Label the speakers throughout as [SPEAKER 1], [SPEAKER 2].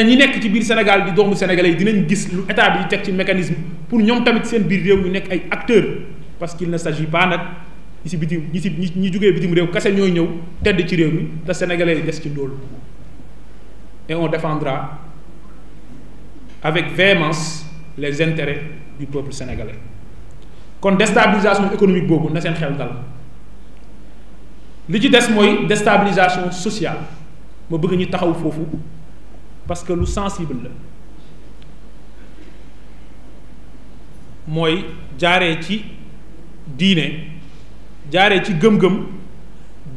[SPEAKER 1] ñi nekk ci biir Sénégal di doomu sénégalais yi dinañ gis lu état bi teg ci mécanisme pour ñoom tamit seen biir réew mu nekk ay acteur parce qu'il ne s'agit pas nag ñi si bitim ñi si ñi jugee bitim réew kese ñooy ñëw tedd ci réew mi te sénégalais yi des ci loolu et on défendra avec véhémence les intérêts du peuple sénégalais kon destabilisation économique boobu na seen xel dal li ci des mooy destabilisation sociale moo bëgg ñu taxaw foofu parce que lu sensible la mooy jaaree ci diine jaaree ci gëm-gëm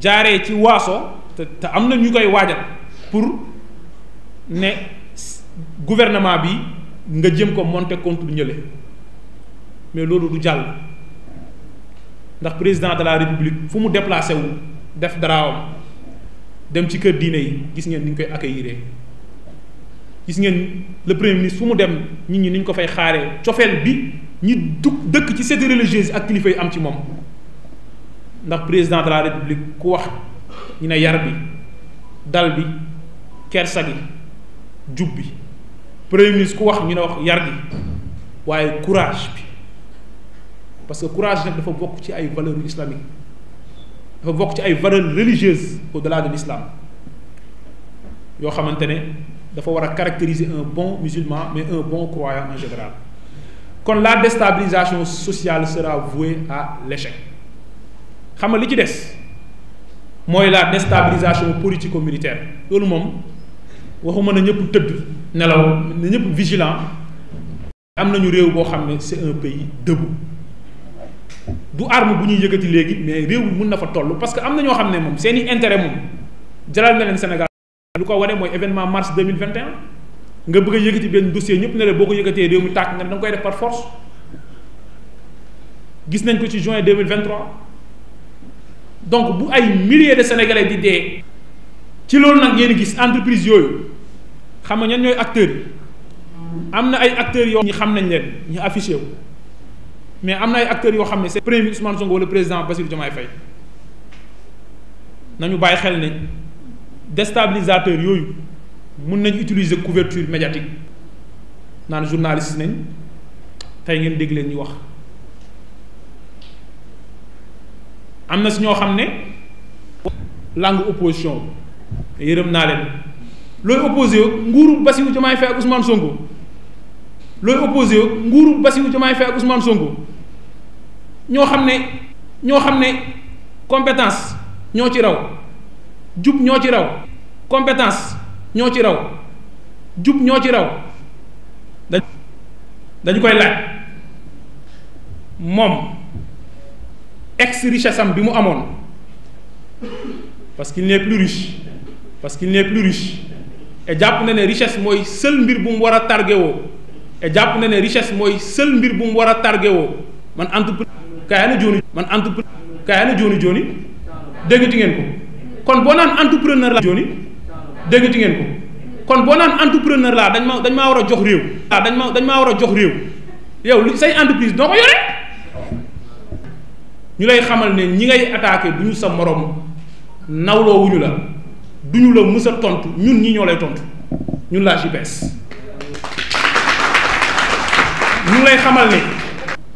[SPEAKER 1] jaaree ci waaso te te am na ñu koy waajal pour ne gouvernement bi nga jëm ko monter contre ñële mais loolu du jàll ndax président de la république fu mu déplacé wu def daraawam dem ci kër diine yi gis ngeen ni ñu koy accueillir gis ngeen le premier ministre fu mu dem nit ñi ni ñu ko fay xaaree cofeel bi ñi du dëkk ci cité religieuse ak kilifa am ci moom ndax président de la république ku wax ñu ne yar bi dal bi kersa gi jub bi premier ministre ku wax ñi ne wax yar gi waaye courage bi parce que courage nag dafa bokk ci ay valeurs islamiques dafa bokk ci ay valeurs religieuses au delà de l'islam yoo xamante ne dafa war a caractériser un bon musulman mais un bon croyant en général kon la destabilisation sociale sera vouée à l'échec xam nga li ci des mooy la déstabilisation politico-militaire loolu moom waxuma na ñëpp tëdd nelaw na ñëpp vigilant am nañu réew boo xam ne c'est un pays debout du arme bu ñuy yëkkati léegi mais réew mun na fa toll parce que am na ñoo xam ne moom seeni intérêt moom jalal na leen Sénégal lu ko waree mooy événement mars 2021 nga bëgg a yëkkati benn dossier ñëpp ne la boo ko yëkkatee réew mi tàkk nga ne da nga koy def par force gis nañ ko ci juin 2023 donc bu ay millier de sénégalais di dee ci loolu nag ngeen gis entreprise yooyu xam nga ñeen ñooy acteurs yi am na ay acteurs yoo ñi xam nañ leen ñu affiché wu mais am na ay yoo xam ne c'est premier Ousmane Sonko wala président Bassirou Diomaye Faye nañu bàyyi xel ne déstabilisateur yooyu mun nañ utiliser couverture médiatique naan journaliste nañ tey ngeen dégg leen ñu wax am na si ñoo xam ne langue opposition yërëm naa leen looy opposé yo nguuru Bassirou Diomaye Faye ak Ousmane Sonko looy opposé yo nguuru Bassirou Diomaye Faye ak Ousmane Sonko ñoo xam ne ñoo xam ne compétence ñoo ci raw jub ñoo ci raw compétence ñoo ci raw jub ñoo ci raw da dañu koy laaj moom ex richesse am bi mu amoon parce qu'il n'est plus riche parce qu'il n'est plus riche et jàpp na ne richesse mooy seul mbir bu mu war a targewoo et jàpp na ne richesse mooy seul mbir bu mu war a targewoo man entreprise kaay na jooni man entreprise kaay na jooni jooni déggati ngeen ko kon boo naan entrepreneur laa joni déggati ngeen ko kon boo naan entrepreneur laa dañ ma dañ maa war a jox réew laa ah, dañ ma dañ maa war a jox réew yow lu say entreprise doo ko yore ñu lay xamal ne ñi ngay attaqué du ñu sa morom nawloowuñu la du ñu la mës tontu ñun ñi ñoo lay tontu ñun laa JPS ñu lay xamal ne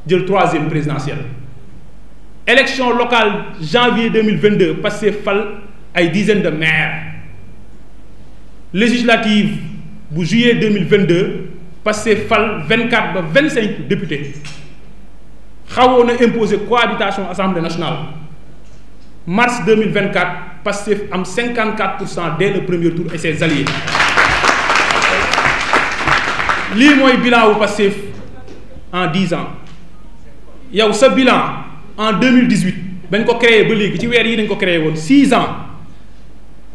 [SPEAKER 1] jël troisième présidentielle élection locale janvier deux mille vingt deux Pastef fal ay dizaines de maires législative bu juillet deux mille vingt deux passé fal vingt quatre ba vingt cinq députés xawoon na imposer cohabitation assemblée nationale mars deux mille vingt quatre Pastef am cinquante quatre pour cent dès le premier tour et ses alliés lii mooy bilan wu en dix ans yow sa bilan en deux mille dix huit bañ ko créé ba léegi ci weer yi dañ ko créer woon six ans.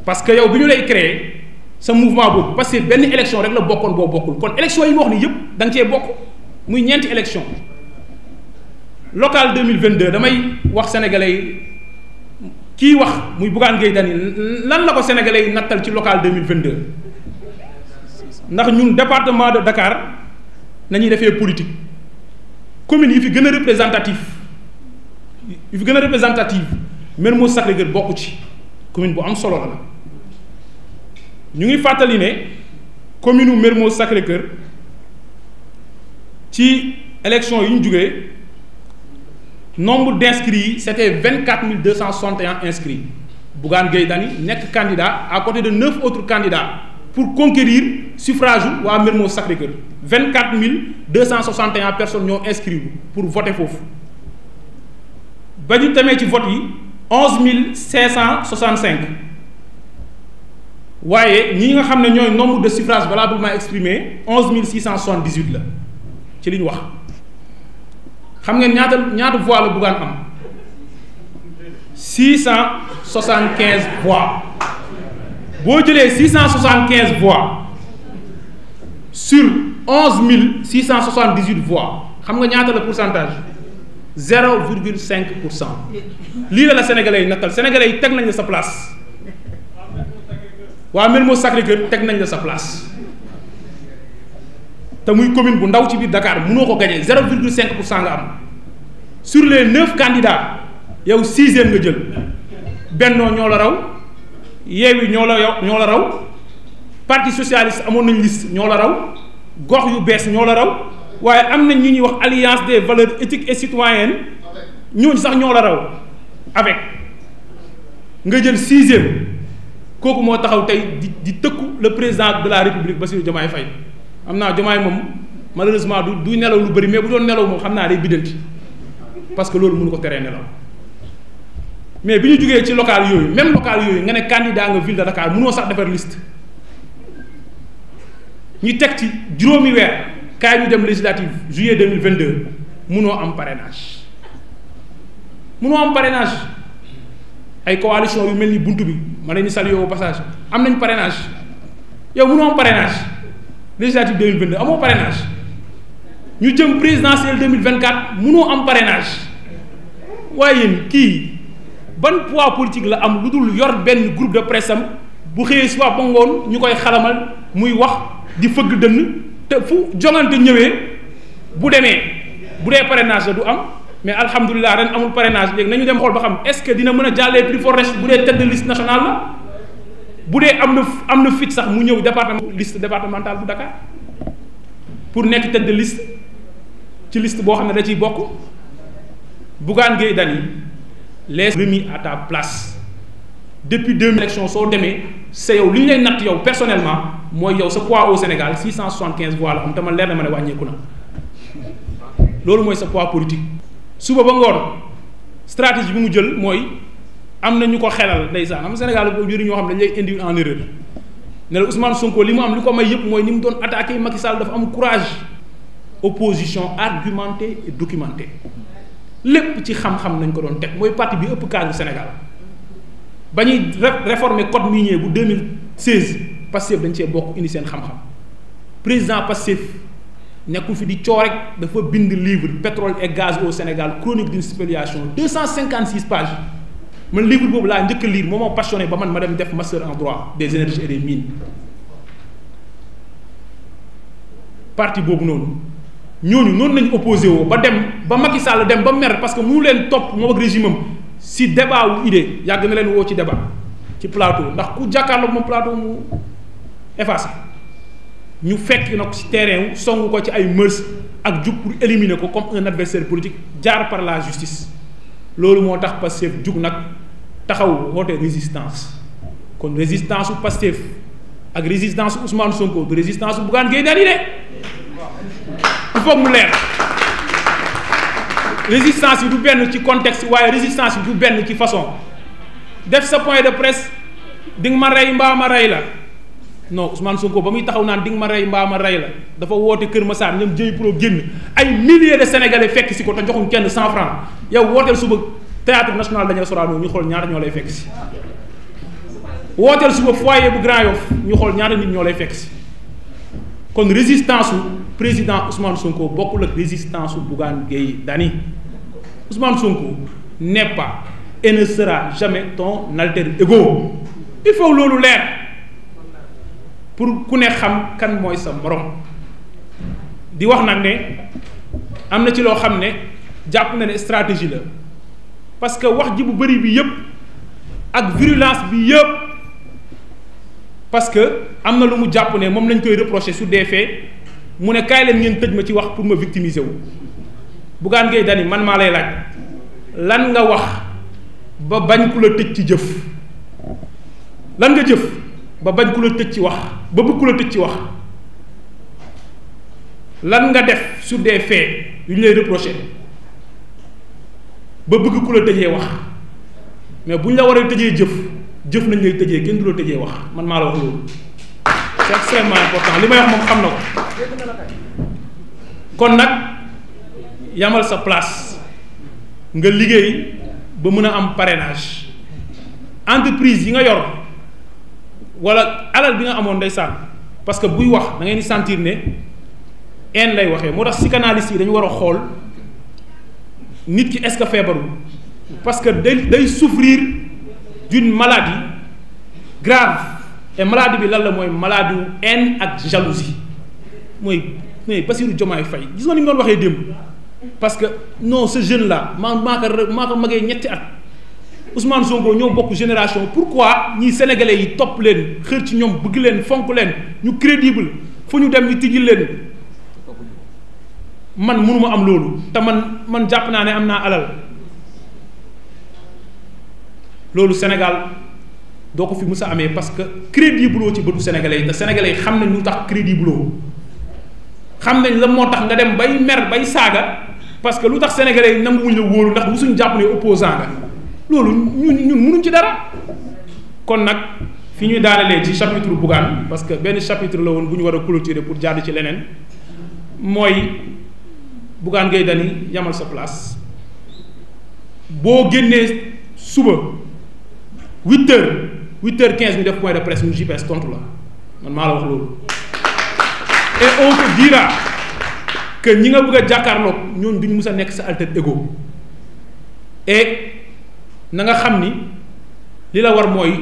[SPEAKER 1] parce que yow bi ñu lay créer sa mouvement boobu parce que benn élection rek la bokkoon boo bokkul kon élection yi mu wax ni yëpp da cee bokk muy ñeenti élection locale 2022 damay wax sénégalais yi kii wax muy Bougane Gueye Dany lan la ko sénégalais yi nattal ci locale 2022 ndax ñun département de Dakar nañuy defee politique commune yi fi gën a représentative yi fi gën a représentative Mermoz Sacré-Cœur bokku ci commune bu am solo la ñu ngi fàttali ne commune u Mermoz Sacré-Cœur ci élection yi ñu jugee nombre d' inscrits yi c' était vingt quatre mille deux cent soixante et un inscrits Bougane Gueye Dany nekk candidat à côté de neuf autres candidats pour conquérir suffrage u waa Mermoz Sacré-Cœur vingt quatre mille deux cent soixante et un personnes ñoo inscrits pour voter foofu ba ñu tamee ci vote yi onze mille cinq cent soixante cinq waaye ñi nga xam ne ñooy nombre de suffrages valablement exprimés onze mille six cent soixante dix huit la ci li ñu wax xam nga ñaata ñaata voix la Bougane am six cent soixante quinze voix boo jëlee six cent soixante quinze voix mille six cent soixante dix huit voix xam nga ñaata la pourcentage zéro virgule cinq pour cent lii la la sénégalais yi nattal sénégalais yi teg nañ la sa place. waa moo Sacré-Cœur teg nañ la sa place te muy commune bu ndaw ci biir dakaar mënoo ko gagné zéro virgule cinq pour cent nga am sur les neuf candidats yow sixième nga jël benno ñoo la raw Yewwi ñoo la yow ñoo la raw partie socialiste amoon nañ liste ñoo la raw gox yu bees ñoo la raw waaye am nañ ñu ñuy wax alliance des valeurs éthiques et citoyennes ñooñu sax ñoo la raw avec nga jël sixième kooku moo taxaw tey di di tëkku le président de la république Bassirou Diomaye Faye am naa Diomaye moom malheureusement du du nelaw lu bëri mais bu doon nelaw moom xam naa day biddanti parce que loolu mënu ko teree nelaw mais bi ñu jógee ci local yooyu même local yooyu nga ne candidat nga ville de Dakar mënoo sax defar liste ñu teg ci juróomi weer kaay ñu dem législative juillet 2022 munoo am parrainage mënoo am parrainage ay coalition yu mel ni bunt bi ma leen di saluer au passage am nañ parrainage yow mënoo am parrainage législative 2022 amoo parenage ñu jëm mille vingt 2024 mënoo am parrainage waaye yéen kii ban poids politique la am lu dul yor benn groupe de presse bu xëyee suba ba ngoon ñu koy xalamal muy wax di fëgg dënn te fu jongante ñëwee bu demee bu dee parrainage la du am mais alhamdulilah ren amul parrainage nañu dem xool ba xam est-ce que dina mën a jàllee plus fort bu dee tête de liste la bu dee am na am na fit sax mu ñëw département liste départementale bu Dakar pour nekk tête de ci liste boo xam ne da ciy bokk Bougane Gueye Dany les remis à ta place depuis deux mille élections soo demee sa yow li ñu lay natt yow personnellement mooy yow sa pois au Sénégal six cent soixante quinze voix la am te man leer na ma ne wàññeeku na loolu mooy sa poids politique suba ba ngoon stratégie bi mu jël mooy am na ñu ko xelal ndeysaan am Sénégal boo jëriñ ñoo xam ne dañ lay indi en erreur ne la Ousmane Sonko li mu am li ko may yëpp mooy ni mu doon attaqué Macky Sall dafa am courage opposition argumentée et documentée lépp ci xam-xam nañ ko doon teg mooy parti bi ëpp cadre Sénégal ba ñuy réformer code ñëwee bu mille 2016 Pastef dañ cee bokk indi seen xam-xam président Pastef. nekkul fi di coo rek dafa bind livre pétrole et gaz au Sénégal chronique d'une spoliation 256 pages man livre boobu laa njëkk liir lire moo ma ba man ma dem def master en droit des énergies et des mines parti boobu noonu ñooñu noonu lañu opposé woo ba dem ba Macky Sall dem ba mer parce que mu leen topp moom ak régime am si débat wu yàgg na leen woo ci débat ci plateau ndax ku jàkkaarloog moom plateau mu effacé. ñu fekk na ko ci terrain wu ko ci ay mërs ak jug pour éliminer ko comme un adversaire politique jaar par la justice loolu moo tax Pastef jug nag taxaw woote résistance kon résistance u Pastef ak résistance Ousmane Sonko du résistance bu Bougane Gueye Dany de il faut mu leer résistance yi du benn ci contexte waaye résistance yi du benn ci façon def sa point de presse di ma rey mbaa ma rey la non Ousmane Sonko ba muy taxaw naan di nga ma rey mbaa ma rey la dafa woote Kër Massar ñoom jëy pro génn ay milliers de sénégalais fekk si ko te joxuñ kenn cent franc yow wooteel suba théâtre national dañu Sorano ñu xool ñaata ñoo lay fekk si. wooteel suba foyer bu Grand ñu xool ñaata nit ñoo lay fekk si kon résistance président Ousmane Sonko bokkul ak résistance su Bougane Gueye Dany Ousmane Sonko n'est pas et ne sera jamais ton alter ego il faut loolu leer. pour ku ne xam kan mooy sa morom di wax nag ne am na ci loo xam ne jàpp na ne stratégie la parce que wax ji bu bëri bi yëpp ak virulence bi yëpp parce que am na lu mu jàpp ne moom lañ koy reprocher su dee fee mu ne kaay leen ngeen tëj ma ci wax pour ma victimiser wu Bougane Gueye Dany man maa lay laaj lan nga wax ba bañ ku la tëj ci jëf lan nga jëf ba bañ ku la tëj ci wax ba bëgg ku la tëj ci wax lan nga def sur des faits yu ñu lay reproché ba bëgg ku la tëjee wax mais bu ñu la waree tëjee jëf jëf nañ lay tëjee kenn du la tëjee wax man maa la wax loolu c'est extrêmement important li may wax moom xam na ko kon nag yamal sa place nga liggéey ba mun a am parrainage entreprise yi nga yor wala alal bi nga amoon ndeysaan parce que buy wax da ngeen di sentir ne en lay waxee moo tax psychanalyste yi dañu war a xool nit ki est-ce que parce que day day souffrir d'une maladie grave et maladie bi lan la mooy maladie wu haine ak jalousie mooy mais Bassirou Diomaye Faye gis nga ni mu waxee démb parce que non sa jeune la maa maa ko maa ko magee ñetti at. Ousmane Sonko ñoo bokk génération pour pourquoi ñii sénégalais yi topp leen xër ci ñoom bëgg leen fonk leen ñu crédible fu ñu dem ñu tijjil leen man mënuma am loolu te man man jàpp naa ne am naa alal loolu Sénégal doo ko fi mës amee parce que crédible ci bëtu sénégalais yi te sénégalais xam nañ ñu tax crédible xam nañ la moo tax nga dem bay mer bay saaga parce que lu tax sénégalais yi nanguwuñ la wóolu ndax suñ jàpp ne opposant nga loolu ñun ñun mënuñ ci dara kon nag fi ñuy daanalee ci chapitre Bougane parce que benn chapitre la woon bu ñu war a clôturer pour jàdd ci leneen mooy Bougane Gueye Dany yamal sa place boo génnee suba huit heures huit heures quinze ñu def point de presse ñu JPS tontu la man maa la wax loolu et on te dira ñi nga bëgg a jàkkaarloog ñoon duñ mus a nekk sa alter ego na nga xam ni li la war mooy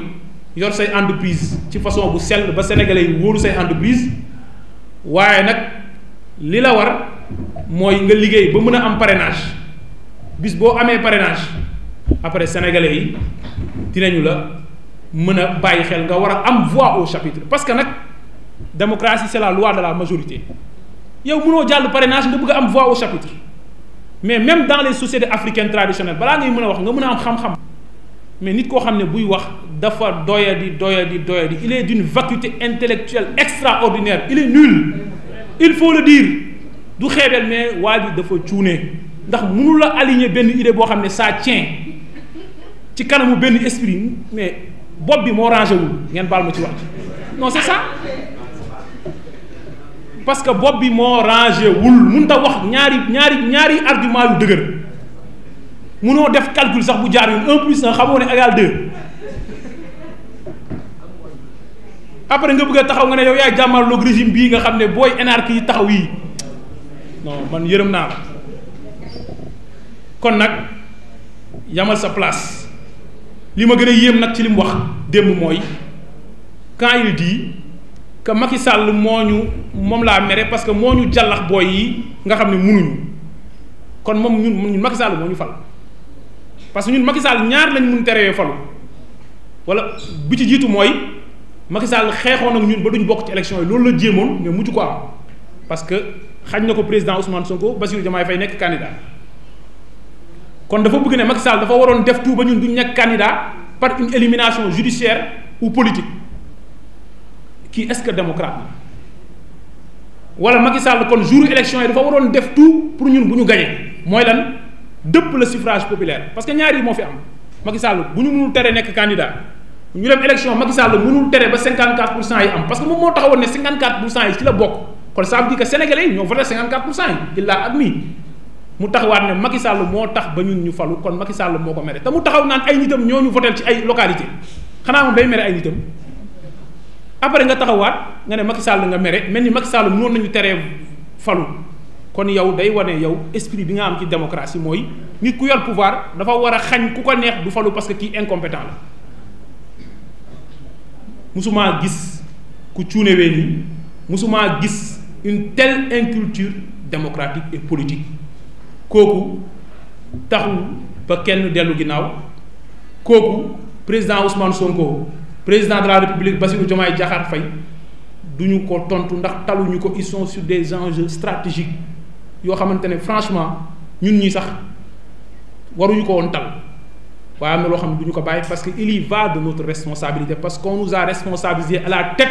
[SPEAKER 1] yor say entreprise ci façon bu sell ba sénégalais yi wóoru say entreprise waaye nag li la war mooy nga liggéey ba mën a am parrainage bis boo amee parrainage après sénégalais yi dinañu la mën a bàyyi xel nga war a am voix au chapitre parce que nag démocratie c'est la loi de la majorité yow mënoo jàll parenage nga bëgg a am voix au chapitre mais même dans les sociétés africaines traditionnelles balaa ngay mën a wax nga mën a am xam-xam mais nit koo xam ne buy wax dafa doyadi doyadi doyadi il est d'une vacuité intellectuelle extraordinaire il est nul il faut le dire du xeebeel mais waa ji dafa cuune ndax mënu la aligner benn idée boo xam ne ça tient ci kanamu benn esprit mais bopp bi moo rangé wul ngeen baal ma ci wax non c'est ça parce que bopp bi moo rangé wul mun ta wax ñaari ñaari ñaari argument yu dëgër munoo def calcul sax bu jaar yoon un plus un xamoo ne égal deux après nga bëgg a taxaw nga ne yow yaay jàmmarloog régime bii nga xam ne booy énarque yi taxaw yi non man yërëm naa kon nag yamal sa place li ma gën a yéem nag ci lim wax démb mooy quand il dit que Macky Sall moo ñu moom laa mere parce que moo ñu jàllax booy yi nga xam ne munuñu kon moom ñun ñun Macky Sall moo ñu fal parce que ñun Macky Sall ñaar lañ mun terewee falu wala bi ci jiitu mooy Macky xeexoon ak ñun ba duñ bokk ci élection yi loolu la jéemoon mais mucc ko am parce que xañ na ko président Ousmane Sonko Bassirou Diomaye fay nekk candidat kon dafa bëgg ne Macky Sall dafa waroon def tout ba ñun duñ nekk candidat par une élimination judiciaire ou politique. kii est-ce que démocrate la wala Macky Sall kon jour élection yi dafa waroon def tout pour ñun bu ñu gañee mooy lan dëpp le suffrage populaire parce que ñaar yi moo fi am Macky Sall bu ñu mënul tere nekk candidat ñu dem élection Macky Sall mënul tere ba 54 pour cent yi am parce que moom moo taxawoon ne 54 pour cent yi ci la bokk kon ça veut dire que sénégalais yi ñoo voté pour cent yi il l'a admis mu taxawaat ne Macky Sall moo tax ba ñun ñu falu kon Macky Sall moo ko mere te mu taxaw naan ay nitam ñoo ñu voté ci ay localité xanaa moom day mere ay nitam. après nga taxawaat nga ne Macky Sall nga mere mel ni Macky Sall noonu nañu teree falu kon yow day wane yow esprit bi nga am ci démocratie mooy nit ku yor pouvoir dafa war a xañ ku ko neex du falu parce que kii incompétent la musuma gis ku cuunewee nii musuma gis une telle inculture democratique et politique kooku taxul ba kenn dellu ginnaaw kooku président Ousmane Sonko. président de la république Bassirou Diomaye Diakhar Faye du ñu ko tontu ndax taluñu ko ils sont des enjeux stratégiques yoo xamante ne franchement ñun ñi sax waruñu ko woon tal waaye am na loo xam ne du ñu ko bàyyi parce que il de notre responsabilité parce qu'on nous a responsabilisé à la